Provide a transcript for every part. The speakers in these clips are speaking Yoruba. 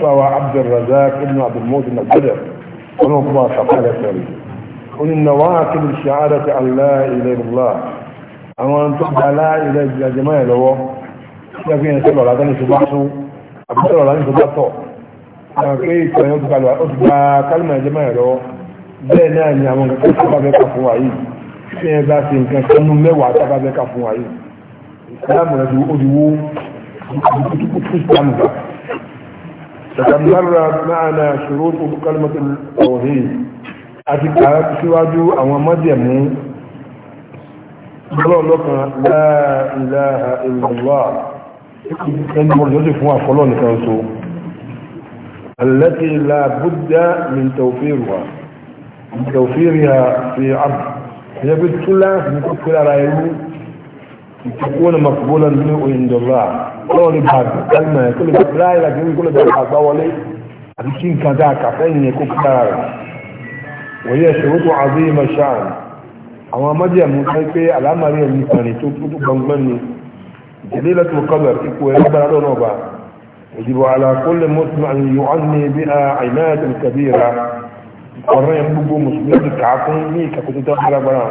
فهو عبد الرزاق ابن عبد المؤمن البدر ونقبع فقال سري قل إن واكب الشعارة أن لا إله إلا الله أما أن تبقى لا إله إلا جماعة له يقين سبع لدني سبحته أبسر لدني سبحته كيف يتبع أتبع كلمة جماعة له bẹ́ẹ̀ náà ni àwọn nǹkan tó bá bẹ́ka fún wa yìí tí ẹ bá ṣe nǹkan kanú mẹ́wàá tó bá bẹ́ka fún wa yìí ìsìlámù rẹ̀ ojú owó ìsìlámù rẹ̀ تتمرر معنا شروط كلمة التوحيد أتكارك سواجو أو مديم قالوا لك لا إله إلا الله كان مرجوز فوا فلون كانسو التي لا بد من توفيرها من توفيرها في عرض هي بتقول لك بتقول على يكون مقبولا منه عند الله قول بعد كلمة كل بعد لا لكن كل بعد ولي أبشين كذا كفين يكون كذا وهي شروط عظيمة شان أما مدى مطلقة على مريا المثاني تطلق بانبني جليلة القدر إكوى يبرا نوبا يجب على كل مسلم أن يعني بها عناية كبيرة ورين بقو مسلمين كعقل ميكا كنت تحرى برا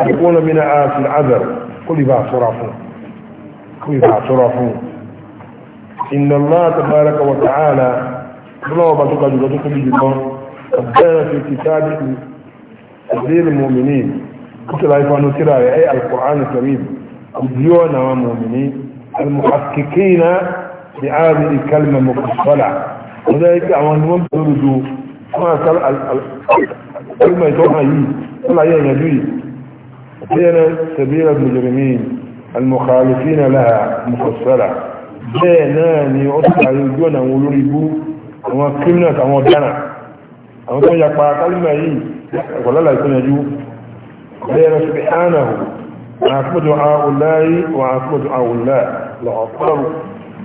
يكون من آس العذر قل بقى صرفه قل بقى صرفه إن الله تبارك وتعالى الله بطوك جلدك بجدون قدام في كتاب سبيل المؤمنين قلت لا يفعلوا ترى أي القرآن الكريم أبديونا ومؤمنين المحققين بهذه الكلمة مفصلة وذلك أعوان من تردوا ما كلمة يتوقع يجي ولا يجي بين سبيل المجرمين المخالفين لها مفصلة بيناني أصبح يجون ولربوا وكلنا ومدنا أما كم يقع كلمة إيه يقول الله يكون يجو بين سبحانه وعاكم دعاء الله وعاكم دعاء الله الله أكبر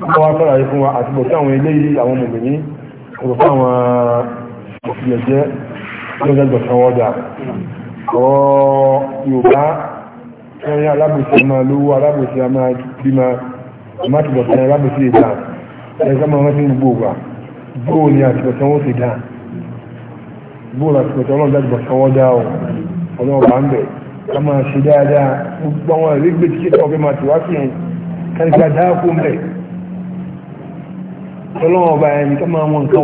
الله أكبر يكون وعاكم دعاء إليه أو مؤمنين وعاقبة دعاء وفي الجاء وجد بسعودة ọ̀rọ̀ Yorùbá ẹ̀rí alábòsí ọmọ lówó alábòsí ọmọ bímọ ọmọdébọ̀tán alábòsí ìdá ẹ̀ka rántí gbogbo wa bóò ni àtìbọ̀tán wọ́n ti dá bóò ni àtìbọ̀tán wọ́n dá ọ̀ gbogbo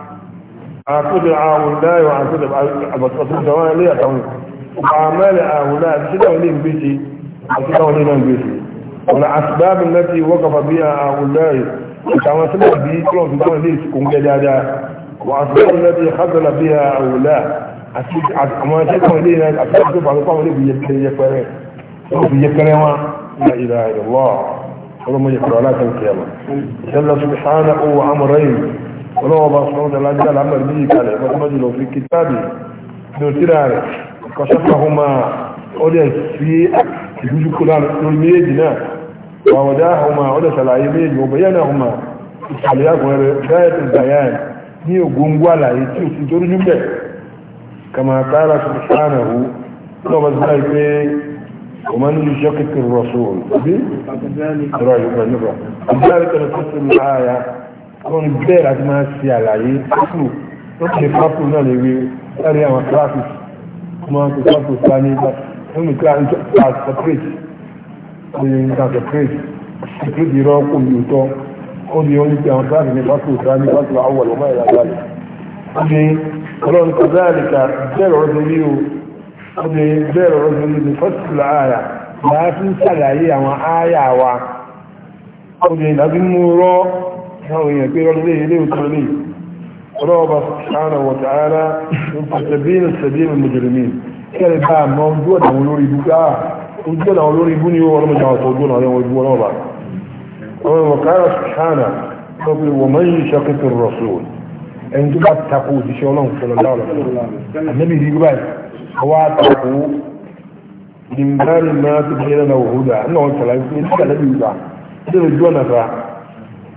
عاقبي عاول لا يعاقب عبد الله جوان لي أتوني وعمل عاول لا تدعو لي بيتي تدعو لي من بيتي والأسباب التي وقف بها عاول لا كان سبب بي كلهم تدعو لي سكون جدا جدا وأسباب التي خذل بها عاول لا أسيب أما تدعو لي أنا أسباب تدعو لي بيتي بي يكفي يكفي يكفي يكفي ما لا إله إلا الله ولم يكفي ولا تنكي الله جل سبحانه وعمره ọlọ́wọ́ bá sọ́rọ́ dẹ̀ lájá lámàrí bí ìkàlẹ̀ mọ́tọ́mọ́jì lọ fi kìtàbí ní òtíra rẹ̀ kọ́ṣọ́pọ̀ fún máa ọdẹ sí ìdújúkú lórí méjì náà wàwọ̀dá ọmọ ọdẹ sàlàyé méjì ọgbẹ̀ yẹn náà ọmọ ìsàlẹ̀ àgbọ̀n rẹ̀ dáyẹ̀tì bayan ní ògóngó àlàyé tí ó sì tó rújú àwọn bẹ́ẹ̀ láti máa ṣe àlàyé pápù ó ṣe pápù náà lè rí láàrin àwọn classes máa ń pè pápù ní هاوية بيغل ليه ليه وتعليه رابع سبحانه وتعالى ومتبين السبيل المجرمين قال الدعم ما وجوده ولوري بكاء وجوده ولوري بني ورمج على صدون عليهم ويبوه رابع وقال سبحانه رب ومن شقق الرسول ان جبع التقو دي شو الله صلى الله عليه وسلم النبي دي جبع هو التقو من بال ما تبهي لنا وهدى انه صلى الله عليه وسلم انه صلى الله عليه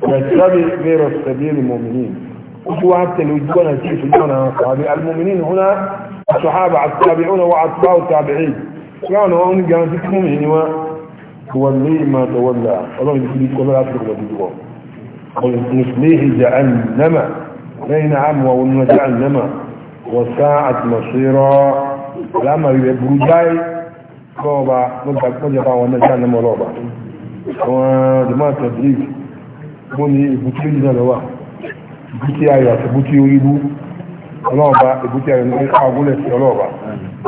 واتبع غير سبيل المؤمنين وشو حتى لو يجونا كيف يجونا صحابي المؤمنين هنا الصحابة التابعون وأتباع التابعين كانوا يعني هون كانوا في المؤمنين تولي ما تولى الله يجيب كل هذا كله بدوا ونسليه جعلنما بين عم ومن جعلنما وساعة مصيرا لما يبرجاي كوبا نجاك نجاك ونجاك نمروبا وما تدريك wọ́n ní ìbútí méjì náà lọ́wọ́ ìbútí ayọ̀ àti ìbútí oríbú ọlọ́ọ̀bá ìbútí ayọ̀ ní àgúnlẹ̀ sí ọlọ́ọ̀bá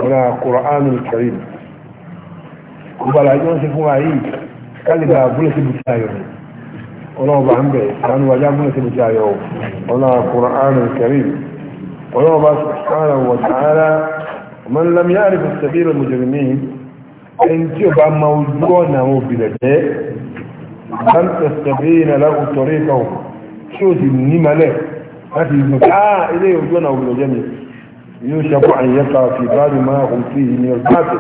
ọ̀nà kùránù kẹrin ìgbàlá ìjọ ń ṣe fún wa kálíbà àgúnlẹ̀ sí ìbútí ayọ̀ ni ọlọ́ọ̀bá ń bẹ̀ sànú wájá àgúnlẹ̀ sí ìbútí ayọ̀ ọ̀nà kùránù kẹrin ọlọ́ọ̀bá sàrà wọ̀ yára sàbí hal tastabina lahu tariqahu tí ó sì ní malẹ̀ láti ìgbà káà ilé ojú ọ̀nà òwúrọ̀ jẹ́ mi yóò ṣàkó àyẹ́ka fi báyìí máa hùn sí ìní ọ̀gbáàtì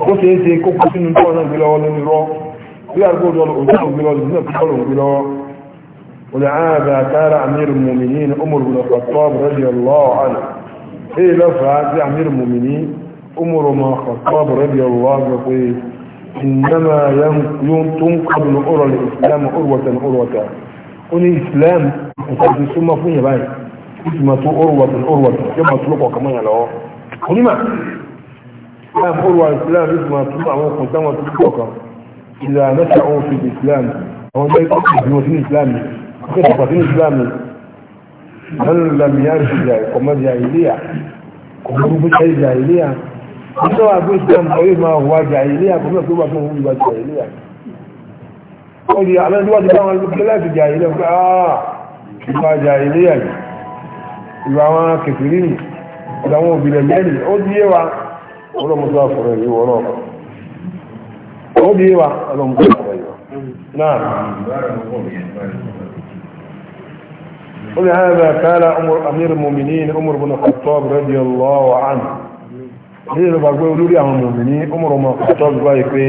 ó ṣe é ṣe kókó sínú tó ọ̀nà ìgbélọ́wọ́ lórí rọ́ bí àgbò ọ̀dọ́ òjò ògbélọ́wọ́ lórí náà kọ́lọ̀ ògbélọ́wọ́ ولعاذا كان أمير المؤمنين أمر بن الخطاب رضي الله عنه إيه لفعات أمير المؤمنين أمر ما الخطاب رضي الله عنه إنما تنقض الأرى الإسلام أروة أروة قل إسلام وقد ثم فيه باي اسمة أروة أروة كما تلقوا كمان على له قل ما إسلام أروة الإسلام اسمة تلقوا كما تلقوا إذا نشأوا في الإسلام هو ما يتقف في وسيل إسلامي وكتب وسيل إسلامي هل لم يرجع قمة جاهلية قمة جاهلية ọjọ́ àgbé ìsìlẹ̀ mọ̀ yóò máa wà jà ilé àkọ́mọ̀ tó wà tó wù wà jà ilé àkọ́mọ̀ ó di àwọn ẹni wọ́n ti bá wọn lókè láti jà ilé ọgbẹ́ àà ìgbà jà ilé àyè ìgbà àwọn kẹfìrí nì òbílẹ̀ mẹ́rin ó di yé wa ọlọ́mọdé àfọ̀rọ̀ yìí wọ́n ó di yé wa ọlọ́mọdé àfọ̀rọ̀ yìí náà هذا قال أمير المؤمنين عمر بن الخطاب رضي الله عنه ní ìrọ̀gbàgbé olórí àwọn mọ̀mí ní ọmọrọ̀ ọmọ ọ̀tọ́ ìgbà yìí pé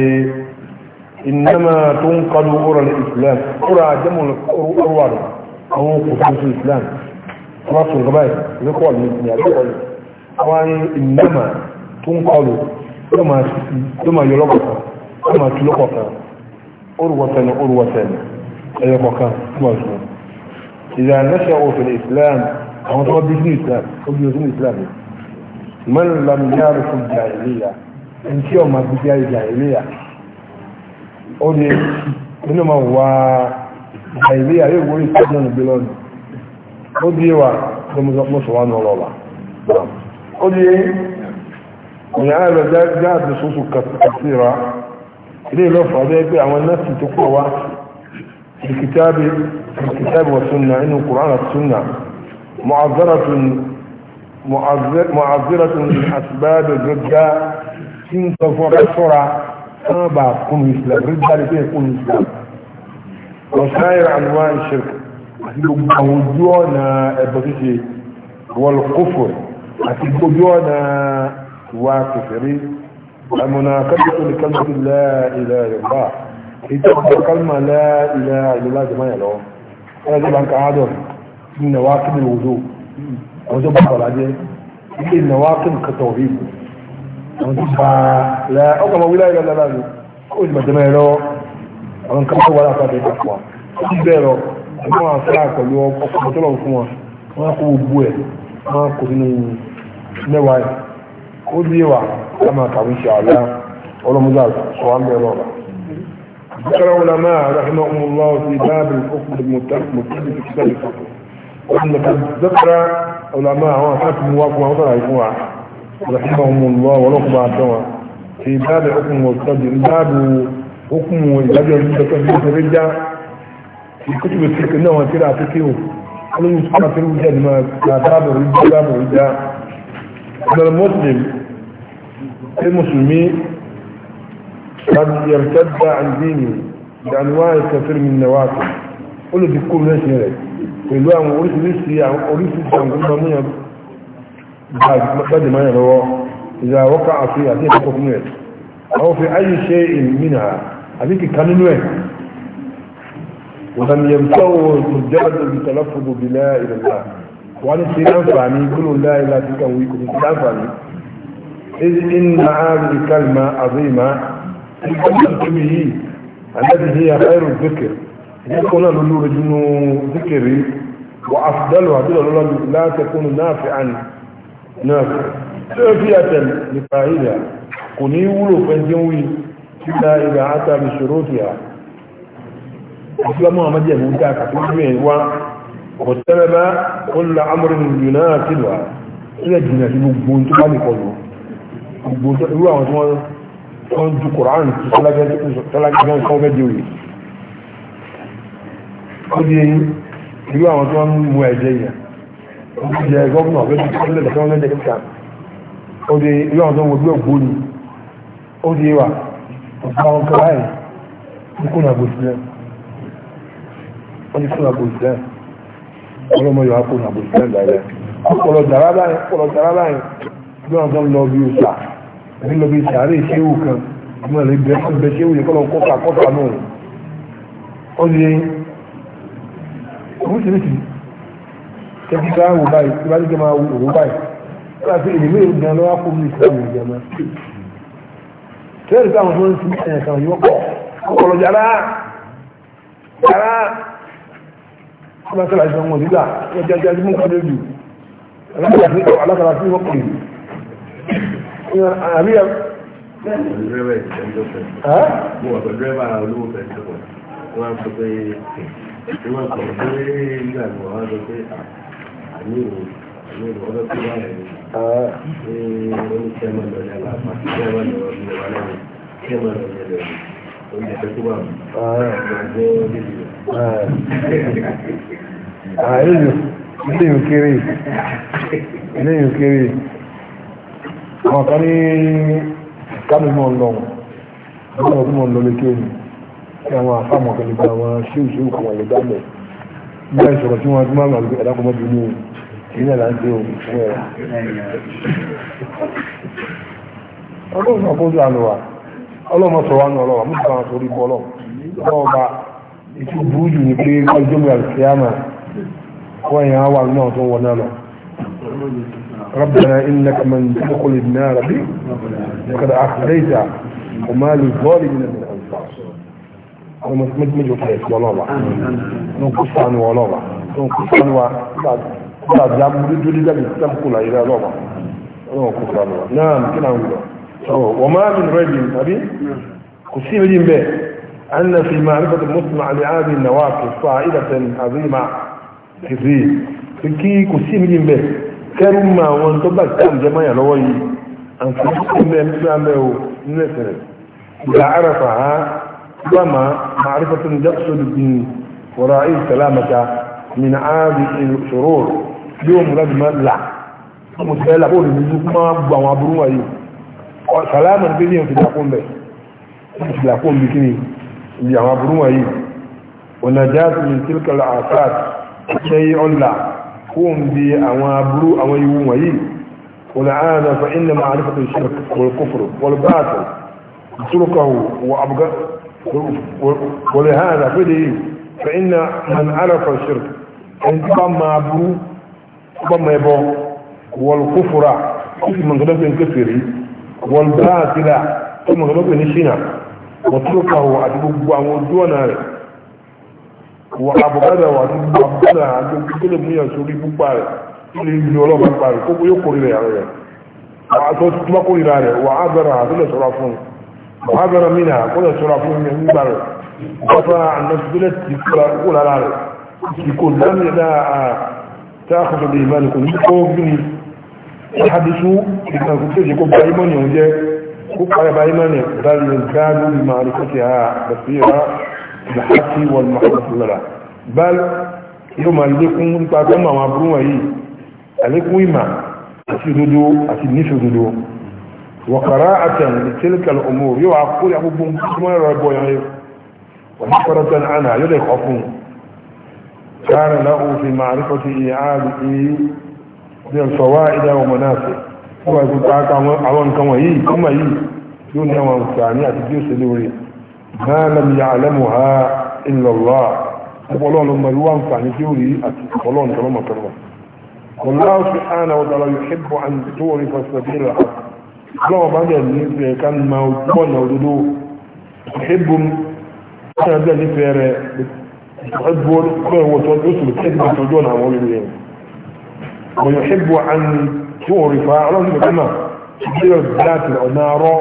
ìnáma tó ń kọlu ọ̀rọ̀ ní islam ọ̀rọ̀ àjẹmọ̀ ọ̀rọ̀ àwọn òkùnkùn sí islam wọ́n sọ ìgbà yìí ní kọ́ ní ìpìlẹ̀ àjẹkọ́ yìí àwọn ìnáma tó ń kọlu ló máa yọ lọ́kọ̀ọ̀kan ló máa tu lọ́kọ̀ọ̀kan orúwọ̀tẹ̀ ní orúwọ̀tẹ̀ ní ẹyọkọ̀ọ̀kan tó wà sùn ìlànà ṣe òfin islam àwọn tó wọ́n bí islam ó bí islam yìí من لم يعرف الجاهلية إن شاء ما بجاء الجاهلية أولي إنما هو الجاهلية يقول يستخدم بلون أولي هو كمزقنا سبحانه الله نعم. أولي من هذا جاءت نصوص كثيرة إليه لفظ هذا يقول عن الناس تقوى في الكتاب في الكتاب والسنة إنه القرآن والسنة معذرة mọ̀àzíràtún àṣìbáyàdọ̀ gẹ́gẹ́ tí ń sọ fún ọ̀rẹ́ sọ́ra tán bá kún islam rí dáre pé kún islam ọ̀sáyẹ̀rẹ̀ àwọn ìṣẹ̀k àti gbogbo àwọn ojú ọ̀nà ẹ̀bọ ṣíṣe wọlù kófò àti gbogbo ọ̀nà wa kẹfẹ̀rí àmọ́nà kájọ́tò ní kájọ́tò láìlẹ̀ yorùbá ìjọba kalma àwọn tó bá bàbá jẹ́ ilé ìnáwó akéwì kẹtọ̀ rí ìlú àwọn tó bá lẹ ọkọ̀ ọmọ wíláyé lọ lára mi kó o lè bàjẹ́ mẹ́rin lọ́wọ́ àwọn kan tó wà látàdé ìdàpọ̀ ó ti bẹ́ẹ̀ lọ àwọn afẹ́rà pẹ̀lú ọkọ̀ tó lọ fún wọn wọn kó gbogbo ẹ̀ wọn kò nínú mẹ́wàá ẹ̀ ó di ẹwà ká máa kàwé ṣe àlá ọlọ́mọdé sọ ذكر علماء رحمهم الله في باب الحكم المتحدث في كتاب الفقه وأن ذكر علماء هو حكم واقوى رحمهم الله ولكم عدوا في باب حكم والقدر باب حكم والقدر المتكلم في الرجع في كتب الفقه انه ترى فقهه قالوا يسمى في الوجه ما باب الرجع باب الرجع ان المسلم المسلمين قد يرتد عن دينه بانواع كثير من النوافل قل بكل شيء pẹ̀lú àwọn oríṣiríṣi oríṣiríṣi àwọn ọmọ múyàn gbájẹ̀ máyàn lọ́wọ́ ìzàwọ́ká àti àti ẹ̀kọ́ fún ẹ̀ àwọn fi ayé ṣe ìmìnà àti kìkà nínú ẹ̀ wọ́n yẹn tọ́wọ́ mùjẹ́bàjẹ́ bí tọ́lọ́fọ́gbò bí láyà ìrẹ̀lá wọ́n ní sí láǹfààní gbóló láyà láti kàn wí الكلمة عظيمة الكلمة التي هي خير الذكر يقول له نور جنو ذكري وأفضلها دل الله لا تكون نافعا نافع نافية لفائدة كوني ولو فنجوي إلا إذا أتى بشروطها أسلام محمد يقول ذاك تجمعين و وسلم كل أمر يناسبها إلى الجنة يبون تبالي قلوا يبون تبالي قلوا يبون تبالي قلوا يبون تبالي قلوا ó di irú àwọn tó ń mú ẹ̀jẹ̀ yẹn ó ti jẹ gọ́ọ̀nà ọ̀gbẹ́ni tó ń lẹ́dẹ̀ẹ́ tó ń lẹ́dẹ̀ẹ́ kíkà ó di irú àwọn tó ń wọgbé ògbóni ó di wà ọ̀gá àwọn kan láì ní kùnà àgbòsílẹ̀ wọ́n ti kùnà àgbòsílẹ̀ ọlọ́mọ yóò kùnà àgbòsílẹ̀ láìláì ọ̀pọ̀lọ̀ dàrá báyìí ọ̀pọ̀lọ̀ dàrá báyìí bí wọ́n tó ń lọ bí òṣà ní lọ bí sàárè ìṣẹ́wù kan àwọn ẹ̀lẹ́gbẹ̀ẹ́ ṣẹ́wù yẹ kọ́lọ̀ kọ́kà kọ́kà náà ó di oríṣiríṣi tẹ́jú ká wò báyìí tí wọ́n ti máa wò wò báyìí tí wọ́n ti ìlú èrò gan lọ́wọ́ kó ní ìsìlámù ìjẹ mọ́. tẹ́lẹ̀ táwọn tó ń sin ẹ̀yàn kan yóò pọ̀ ọ̀pọ̀lọ̀ yàrá yàrá wọ́n máa tẹ́lẹ̀ àìsàn wọn nígbà wọ́n jẹ́ ajá mú kọ́lé jù alákàlà sí wọ́n pè é. Mo wà pẹ̀lú ẹ̀bà olówó fẹ̀sẹ̀ pọ̀, wọ́n á sọ pé ṣé wọ́n kọ̀ pé nígbà pé àmì ìrò àmì tó bá rẹ̀ ní oníṣẹ́ máa lọ ní ilé ìkéré ilé ìkéré ní kámi mọ̀ lọ́wọ́ tí mo ń lọ lé tí àwọn àfáàmọ̀ kan nípa àwọn ṣíòṣíò kan wà lè dámẹ̀ bí i sọ̀rọ̀ tí wọ́n tún máa ń lọ ẹ̀dá kọmọ́ bí mú kìí náà láti ohun fún ẹ̀rọ ọlọ́run àkóso àlọ́wà ọlọ́run sọ̀rọ̀ àná ọlọ́wà mú kàn sórí bọ́lọ̀ ọlọ́ọ̀ba ètò burú jù ní pé ọjọ́ mi àlùfíàmà wọ́n yẹn á ربنا إنك من تدخل النار بك فقد أخذيتها وما للظالمين من أنصار ọmọ méjìméjì òkè ẹ̀sìn ọlọ́wà ní kó sànù ọlọ́wà ní kó sànù wa nígbà tí a bú dúdú jáde tí a kú náà yẹrẹ ọlọ́wà ọlọ́wà kó sànù wa náà kí náà wúlọ. sọ̀rọ̀ wọ́n máa ń rẹ̀ yìí tàbí kò sí èyí ń bẹ̀ أن في معرفة المسلم عن هذه النواقص فائدة عظيمة كثير kí kò sí èyí ń bẹ̀ kẹ́rù máa wọn tó bá ìtàn jẹ́ máyà lọ́wọ́ yìí àǹfààní tó ń bẹ́ẹ̀ ń bẹ́ẹ̀ o nílẹ̀ sẹ̀rẹ̀ ìgbà àràfà ha كما معرفة يقصد من ورائي سلامك من عاد الشرور يوم لازم لا متبالة قول ما بوا بروا أيه سلاما بيدي يوم تلاقون به تلاقون بكني يوم بروا أي. ونجاة من تلك العافات شيء لا قوم بي أوابرو أويوم أيه والعادة فإن معرفة الشرك والكفر والباطل تركه وأبغض ولهذا فدي فإن من عرف الشرك أن تبما أبو تبما يبو والكفر من غلب الكفر والباطل من غلب الشنا وتركه أدب وجوانا وأبغض وأدب أبغض أدب كل من يسوري ببار كل من يلوم ببار كل يقول له وأتوت ما قول له وعذره هذا سرافون وحذر منها قل سرعة من المنبر وقفى عن مسجلة يقول على العرب يكون لم لا تأخذ بإيمانكم يقول يحدثوا إذا كنت يقول بإيمان يوجد قال بإيمان بل يزدادوا بمعرفتها بصيرة الحق والمحبة لها بل يوم عليكم تقام مع بروعي عليكم إما أسيدوا أسيدني سيدوا وقراءة لتلك الأمور يعقل أبو بن ما يربو يعني وحفرة عنها يلي يخافون كان له في معرفة إعادة من الفوائد ومنافع هو يقول تعالى عوان كما هي كما هي دون يوم تجيس دوري ما لم يعلمها إلا الله يقولون لما الوان ثاني دوري كما كرم والله سبحانه وتعالى يحب أن تعرف السبيل الحق ọlọ́wọ́ bá dẹ̀ nífẹ̀ẹ́ ká ma pọ̀ náà òdodo ìbùn ọ̀sán ẹgbẹ́ nífẹ̀ẹ́ rẹ̀ ìbùn ọ̀sán ìwọ̀sán tó sùn kí ẹgbẹ́ ìtọ́jú ọ̀nà àwọn olùwẹ̀ ọ̀yọ̀ ìbùn àni tí wọ́n rí fa ọlọ́run nípa kánà ṣùgbọ́n yóò dáàtì ọ̀nà arọ́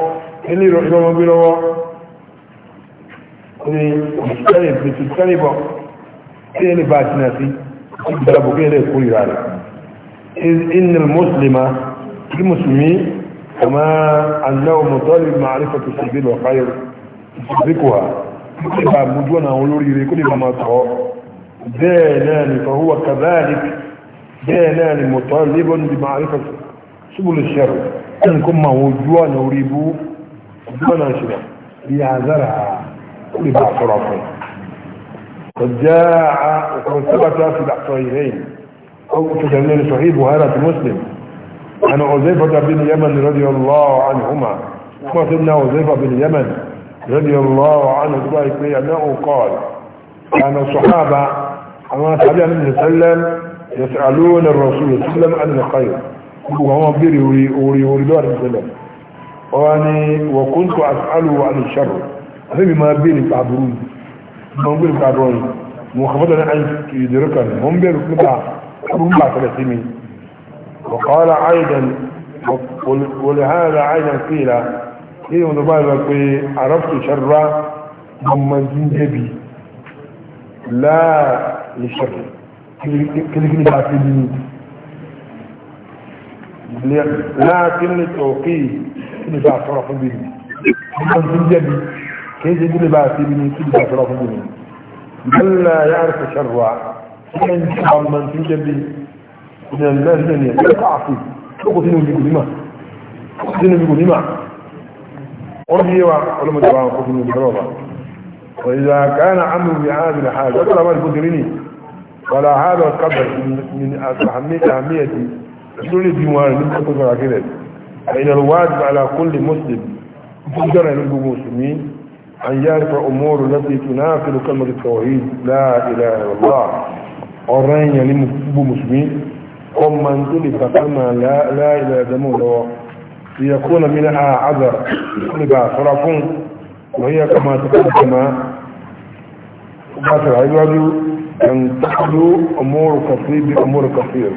ẹni ìrọ̀mọbí lọ́wọ́ ní ìtẹ́lẹ̀bọ̀ kí ẹni bá ti náà sí ìgbàlàbọ̀ kí ẹni kórìíra rẹ̀ inú mùsùlùmí كما أنه مطالب معرفة السبيل والخير تدركها كلها مجونا ولوري كل ما تهو دينان فهو كذلك دينان مطالب بمعرفة سبل الشر أن كما وجوانا وريبو وجوانا شبه ليعذرها كل ما صرفه قد جاء وقد ثبت في الأحصائيين أو تجمعين صحيح بهارة مسلم عن عزيفة بن يمن رضي الله عنهما ما سيدنا عزيفة بن يمن رضي الله عنه أنه قال كان الصحابة أما الله عليه وسلم يسألون الرسول صلى الله عليه وسلم عن الخير وهم بيري وري وري دار وسلم واني وكنت أسأله عن الشر هذه ما بيري تعبرون ما بيري تعبرون مخفضة عن يدركني هم بيري كلها هم بعد ثلاثين وقال أيضا ولهذا أيضا قيل إذا مدبال بقي عرفت شر ممن زنجبي لا للشر كل كل بعثيني لكن التوقيت كل بعثرف بني ممن زنجبي كيف كل بعثيني كل بعثرف بني من لا يعرف شر من زنجبي من المال من يتعفي لقد دينه بيقوليما دينه قل لي وعلم جبعان قفل بجرابة وإذا كان عمرو بهذه الحاجة أقول ما تقدريني ولا هذا القدر من أهمية أهمية رسول الديوان من تقدر كده فإن الواجب على كل مسلم تقدر للمسلمين أن يعرف أمور التي تنافل كلمة التوحيد لا إله إلا الله ọ̀rọ̀ ẹ̀yàn ní ọmọ من lè bàtà لا láìlẹ̀ ẹ̀dẹ̀mú lọ́wọ́ ليكون منها عذر لبا فرق وهي كما تقدم باسر عباد أن تحلو أمور كثير بأمور كثير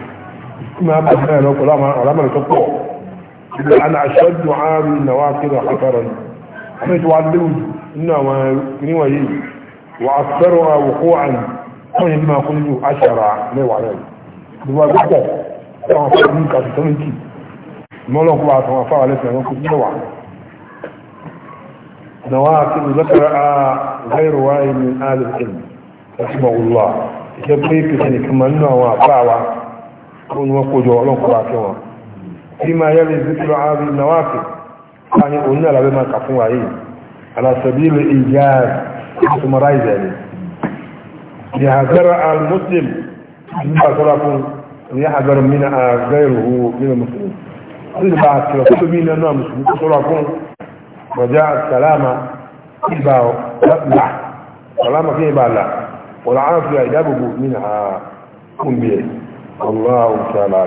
ما بدنا لو كلام علامة تطوع إلا أنا أشد عامل النواقض خطرا أنا تعلم إنما كنوا وأكثرها وقوعا وإنما كنت أشرع لا وعليه ìwà gbígbọ̀ àwọn afọ ní kàtìtọ́lìkì mọ́lọ́kù àtàwọn afọ àlẹ́sìn ẹ̀rọ kò sílẹ̀ wà dàwọn àti ìlọ́kẹ̀rẹ̀ a gairu wáyé ní alìsìn ẹ̀sùn ọ̀wùlọ́ ìjẹ́ pé pèsè nìkan máa nínú àwọn afọ àwa kó ní wọ́n kójọ ọlọ́kù àti wọn bí máa yẹ lè zikiro àbí nígbà tó rà fún ní àgbẹ̀rù mìíràn àgbẹ̀rù owó mìíràn mùsùlùmí wọ́n lè tóbi náà musulmi tó sọ́rọ̀ fún rọ̀já sàlámà ìgbà là sàlámà kí ìbà là wọ́n láwọn fi mìíràn Allahu ta'ala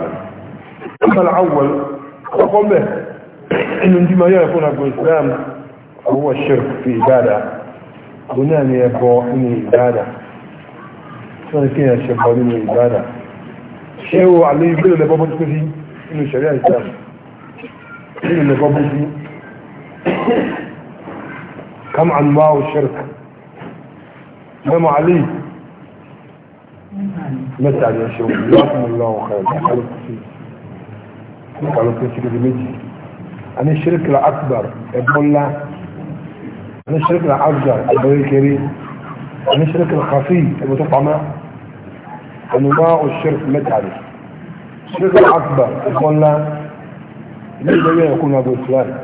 sọ́rọ̀ kí ẹ̀ṣẹ̀ bọ̀ nínú ìbára ṣe ó àlẹ́ ìgbélò lẹ́bọ́ bọ́jú sí inú ìṣẹ̀rí àìsàn ìgbélò lẹ́bọ́ bọ́jú kam an wá o ṣẹ́rẹ̀ mẹ́mọ̀ àlẹ́ mẹ́ta ni ṣe òun láti mú lọ́wọ́ kẹrẹ̀ méjì ani shirk la akbar ẹ̀bọ́nlá ani shirk la akbar ẹ̀bọ́n kẹrẹ́ عن الشرك الخفي المتقع معه أنواع الشرك ما تعرف الشرك الأكبر قلنا ليه بين يكون أبو إسلام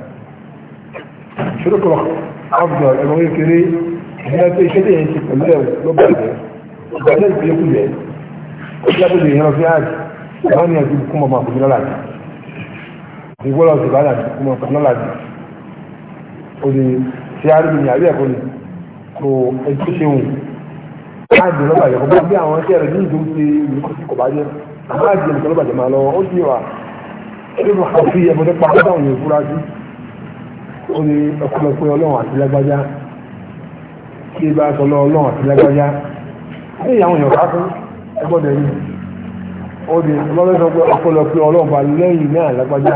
الشرك الأكبر الغير كري هي في شيء يشرك بالله وبعده وبعدين بيقول له يقول له هنا في عاد ثانية بكم ما قلنا لك يقول له سبحانه بكم ما قلنا لك ودي في عارف من يعرف يقول kò ẹtú ṣeun káàdì lọ́ba yẹ kó bá bí àwọn ẹṣẹ́ rẹ̀ ní ìdó ṣe ìlúkọ̀sí kò bá jẹ́ àwọn àjẹ nìkan lọ́ba jẹ máa lọ ó sì wà ẹni bá fi ẹbọn nípa ọgbà òun yẹn fúra sí ó ní ọkùnrin ọlọ́run àti lágbájá kí bá sọ lọ ọlọ́run àti lágbájá ní ìyàwó yẹn bá fún ẹgbọ́dọ̀ yìí ó di ọlọ́run sọ pé ọ̀pọ̀lọpọ̀ ọlọ́run bá lẹ́yìn náà lágbájá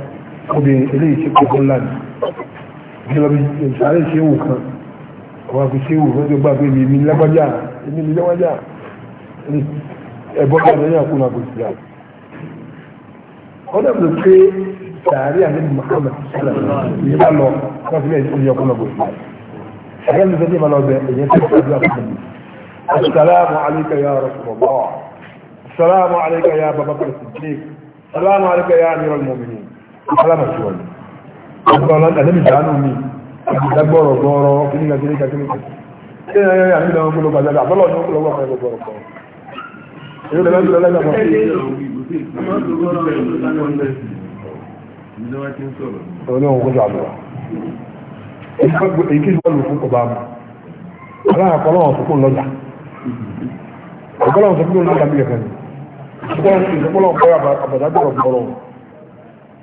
obì ilé ìṣẹ́kọ̀ọ́ land gẹ́lọ́bí ìṣàrẹ́ ìṣẹ́wò kan àwọn akùṣẹ́wò lọ́jọ́ gbà pé mi lágbájá èmi mi lágbájá ẹ̀bọ́n kan lẹ́yìn àkúnà àbòsí rà wọ́n dàbí pé sàárẹ̀ àti Muhammad ìyẹn bá lọ wọ́n fi lẹ́yìn ìṣẹ́yìn àkúnà àbòsí rà ẹ̀yẹ́ mi sẹ́yìn máa lọ bẹ ẹ̀yẹ́ tó ti àdúrà fún mi assalamu alámàtí wọn ọgbà ọlọ́dà lẹ́mì dánú mi ìdágbọ́rọ̀ gbọ́ọ̀rọ̀ kíníkà kíníkà kíníkà kí ni ayẹyẹ àmì ìdáwọn gbọ́lọ́gbà jáde ọzọ ní ọgbọ́lọ́gbà kan gbọ́ọ̀rọ̀ kọ́ èyí lọ́dà lọ́dà lọ́dà kan ọlọ́run kó sàbọ̀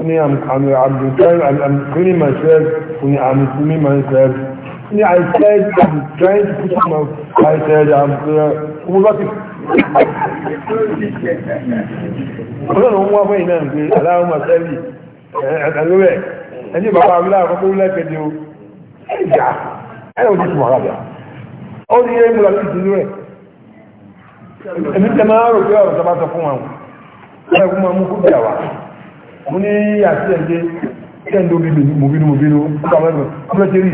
ní àmì àbùkẹ́ àmì myself ní àmì fún mi myself ní I said I'm trying to put my I said I'm kúrò uh, láti ọlọ́run wọ́n wá fẹ́yìn náà pé aláwọ̀ masẹ́lì ẹ̀ẹ́dẹ̀lúwẹ̀ ẹni bàbá abúlá àkọ́kọ́ wúlẹ̀ kẹjọ ẹ̀jà ẹ̀rọ ojú tún wà ó ní ẹ̀rọ ìmúra sí ìdílé rẹ̀ ẹni tẹ́ máa rò pé ọ̀rọ̀ sábà sọ fún wa ẹ̀rọ kó máa mú kúrò mo ní àti ẹ̀jẹ̀ kẹ́ndó bíbí mo bínú mo bínú ọkọ̀ àwọn ẹ̀rọ ọmọlẹ́tẹ̀rì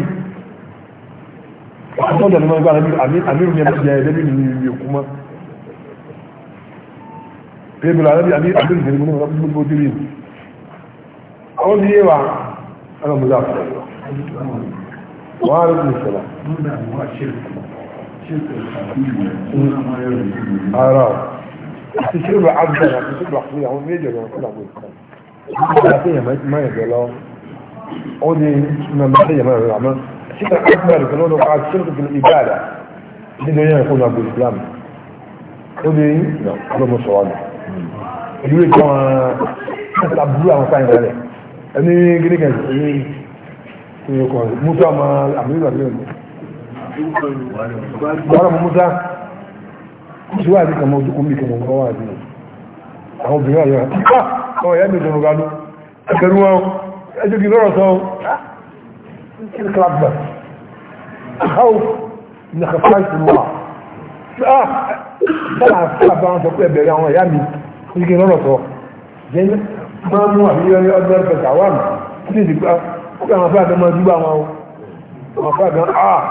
àtọ́jà ni wọ́n gbára bí àmírù ní ẹgbẹ́ ẹgbẹ́ bí nìyí òkú mọ́ pẹ̀lú àrẹ́bí àmírù ìgbẹ̀rẹ̀ mọ́ gbogbo dìrí ó ní ẹwà ẹ̀rọ mọ́lá wọ́n rí kìí sọ́lá ara àti ṣílùmọ̀ àbúrò àwọn méjì ọ̀rọ̀ ọ̀pọ̀lọpọ̀ nígbà tí èèyàn máa yẹ̀dọ̀ lọ ó ní nàmbá tí èèyàn máa yẹ̀dọ̀ àmọ́ síta akpọ̀ rẹ̀ kan lọ́dọ̀ pa sílùkù fún ìbáàdà nínú yẹn kó nàgbò Islam ó ní ọlọ́mọ sọ̀rọ̀ nù ìlú rẹ̀ kí wọ́n ṣàtà burú àwọn sáyẹn rẹ̀ ẹni gíní kan ní ìwé kan musa máa àmì ìgbà bí ọ̀nà bọ́ọ̀rọ̀ musa kúṣùwà àti kàmọ́ ojú kò mí kàmọ́ ọ̀rọ̀ wà ní àwọn obìnrin àyọ̀ ọmọ ìyá mi sọ̀rọ̀ gánú ẹgbẹ̀rú wọn ẹjọ́ kí lọ́rọ̀ sọ kíni kílápẹ̀ ọ̀háwù ní kàfáìsì wà sáà sábà wọn sọ pé ẹbẹ̀rẹ̀ àwọn ìyá mi ní kí lọ́rọ̀ sọ jẹ́ máa mú àbíyọ ní ọdún ẹgbẹ̀ sàwà mi kí ni ìgbà ó pé àwọn afẹ́àgbẹ́ máa dúgbà wọn o àwọn afẹ́àgbẹ́ ah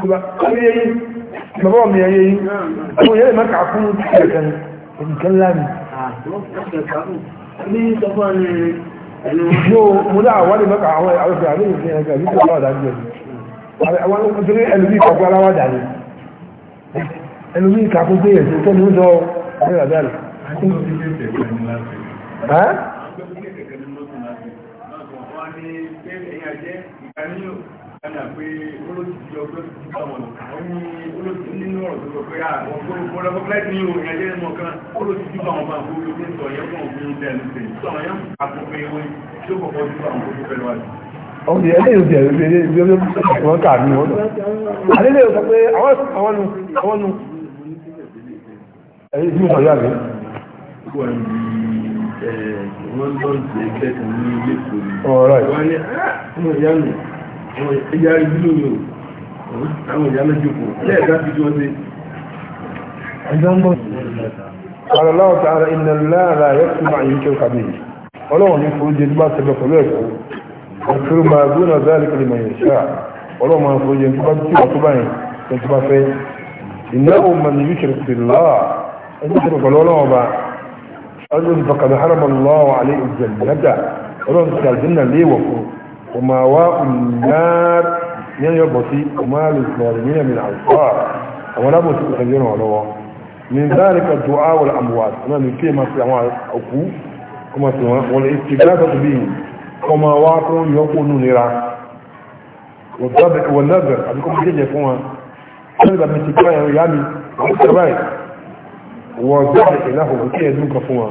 bàbá mi ẹyẹ yìí àwọn ìyá ìmọ̀kà fún ẹ̀kẹ́ ẹ̀kẹ́ ńlá mi ní sọfún ẹni ẹni mo dá àwọn ìmọ̀kà àwọn àwọn ìfẹ́ àmì ìfẹ́ ẹgbẹ́ ìfẹ́ àwọn àdájú ẹ̀ àwọn nítorí ẹlòmí ìkàkùn aláwà dàní ẹlòmí ìkàkùn pé ẹ̀sìn tó ní sọ ẹ̀rọ àdáni. Ana pé olóòtú ti ọgbẹ́ ti bá ó sọ pé àwọn olóòtú ọlọ́gbọ́n láti ní òun sọ yẹ fún ọ. Ọmọdé ẹlẹ́yìn òjì ẹ̀rẹ́ ilé ìgbé ọdún ìwọ̀n káàdì wọn. Àlélẹ́ òsọ pé àwọn nù àwọn nù. Ẹyí tí mo sọ yá mi. Wọ́n lọ sí ẹgbẹ́ kan ní ilé ìkòrò. Ọ̀rọ̀ ẹ̀. Wọ́n ní ah, àwọn ìyá mi, àwọn ìyá ìlú mi ò, àwọn ìyá méjì kù. Ṣé ẹ̀dá fi tí wọ́n ṣe? Ẹ̀dá ń bọ̀. قال الله تعالى إن الله لا يسمع يشرك به ولو أن يخرج الباس بقلوبه يغفر ما دون ذلك لمن يشاء ولو ما يخرج الباس بقلوبه يتبافي إنه من يشرك بالله أن يشرك ولو لو الولوبة أجل فقد حرم الله عليه الجنة ولو تكالجنة لي وفو وما واء النار من ينبطي وما للسلالمين من عصار ولا بد تخيرون ولوه من ذلك الدعاء والأموات أنا من كيما في أموال أكو كما سنوى والاستغاثة به كما واقع يكون نرى والضبع والنذر أبيكم بجي يكون كلبا من تكايا ويامي والسباي والضبع له وكي يدنك فما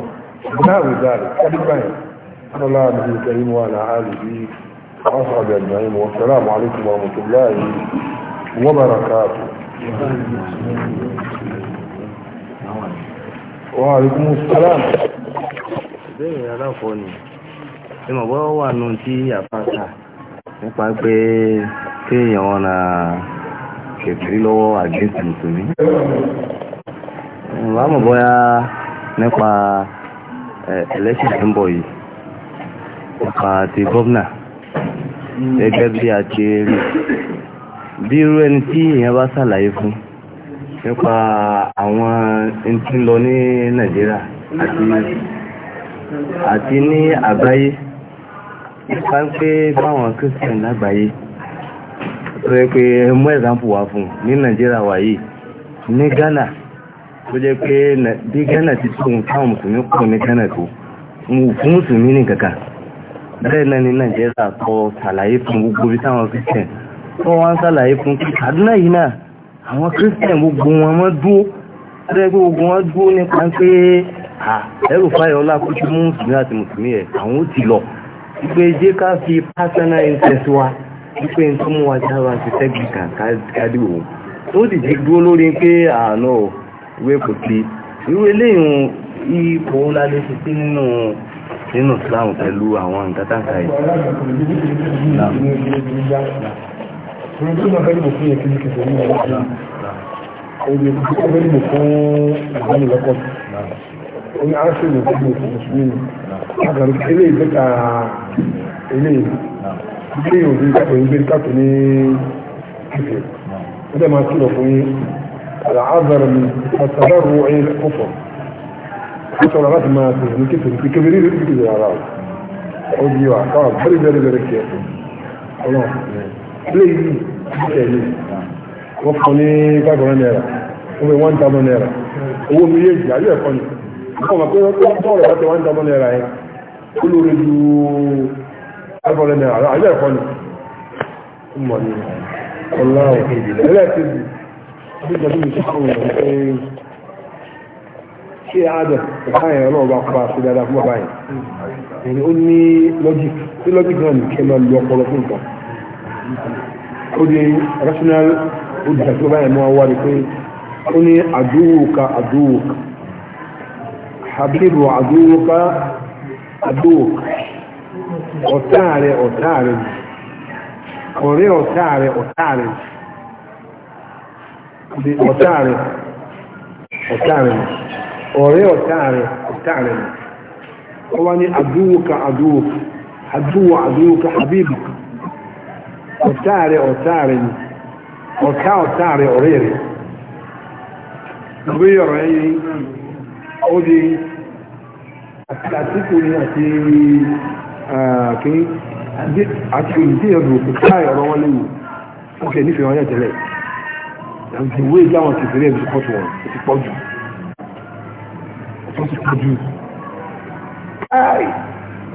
ناوي ذلك كلبا أنا لا نبي الكريم وعلى آله وأصحاب أجمعين والسلام عليكم ورحمة الله وبركاته Wa alaikum salam. Ìbéèrè aláfọ́ ni, ṣe mọ̀ bọ́ wà nù tí àpáta nípa pé kéèyàn wọn na kẹ̀kẹ́rí lọ́wọ́ àgbẹ̀sì mùsùlùmí. Ìwà mọ̀ bọ́yá nípa ẹlẹ́sìn tó ń bọ̀ yìí, nípa ti gómìnà gẹ́gẹ́ bí a ti rí. Bí irú ẹni tí èèyàn bá ṣàlàyé fún nípa àwọn tí ń lọ ní Nàìjíríà àti ní àgbáyé nípa ń pé báwọn Christian lágbàáyé tó yẹ pé mú ẹ̀sánpù wá fún ní Nàìjíríà wà yìí ní Ghana tó jẹ́ pé bí Ghana ti tóun káwọn mùsùlùmí pọ̀ ní Ghana tó fún mùsùlùmí ní kankan bẹ́ẹ̀ náà ní Nàìjíríà kọ ṣàlàyé fún gbogbo bí táwọn Christian tó wọ́n ń ṣàlàyé fún kí Kaduna yìí náà àwọn christian gbogbo wọn mọ́ dúó ẹgbẹ́ gbogbo wọn dúó nípa pé ẹrù fáyọ̀ ọlá kó tí mú mùsùlùmí àti mùsùlùmí ẹ̀ àwọn ó ti lọ wípé jẹ́ ká fi personal interest wa wípé n tó mú wa já wa ti tẹ́gbì kan kádì òun ó sì ti dúó lórí pé àánú ìwé kò ti irú eléyìí ipò ńlá lè fi sí nínú nínú Islam pẹ̀lú àwọn nǹkan tá sun zai magana mutum ya fi jika zai yi wani oye kuka bari mu kan abin da kwan oye an sai da kuma su musulmi a ga rufe ilai daga ilai ilé yóò fi kápẹ̀ ń gbé kápẹ̀ ní kíkẹ́ ilé máa kí lọ fún yí àlàázàrà mi àtàdárò ẹ̀yìn ọ̀fọ̀ ó sọ̀rọ̀ láti máa tẹ̀lé ní kíkẹ́ ní kíkẹ́ ní kíkẹ́ rárá ó di wa káwà bẹ́rẹ̀ bẹ́rẹ̀ bẹ́rẹ̀ kí ẹ̀kọ́ ọlọ́run léyìí tẹ̀lé wọ́n fún ní five hundred naira wọ́n fi one thousand naira owó mi yé jù ayé ẹ̀kọ́ ni wọ́n mọ̀ pé wọ́n tọ́ ọ̀rọ̀ láti one thousand naira yẹn ó lóore ju five hundred naira ayé ẹ̀kọ́ ni ó mọ̀ ní ọ̀la ẹlẹ́ẹ̀kejì bí ìjọba mi sọ fún mi pé ṣé àádọ̀ báyẹn ọlọ́run bá pa sí dáadáa fún bàbá yẹn ó ní lọ́jì tí lọ́jì gan-an nìkẹ́ máa lu ọpọlọ fún nǹkan ó di rational ó di àti báyìí mọ́ wá rí pé ó ní àdúwòka àdúwòka habibu àdúwòka àdúwòka ọ̀tá rẹ̀ ọ̀tá rẹ̀ ọ̀rẹ́ ọ̀tá rẹ̀ ọ̀tá rẹ̀ ọ̀tá rẹ̀ ọ̀tá rẹ̀ ọ̀rẹ́ ọ̀tá rẹ̀ ọ̀tá rẹ̀ ọ̀tá rẹ̀ ọ̀tá rẹ̀ ni ọ̀tá ọ̀tá rẹ̀ ọ̀rẹ́ rẹ̀ lórí ọ̀rọ̀ ẹ̀yìn ó di àtìkù ni àti kí àti ìdíyànjú òkúta ọ̀rọ̀ wọn léwu ó kẹ́ nífẹ̀ẹ́ wọn yẹn tẹ́lẹ̀ ìwé ìjáwọn kìfèrè ẹ̀bí kọ́tù wọn ó ti pọ̀ jù ó ti pọ̀ jù káì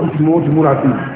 ó mú ó ti múra sí i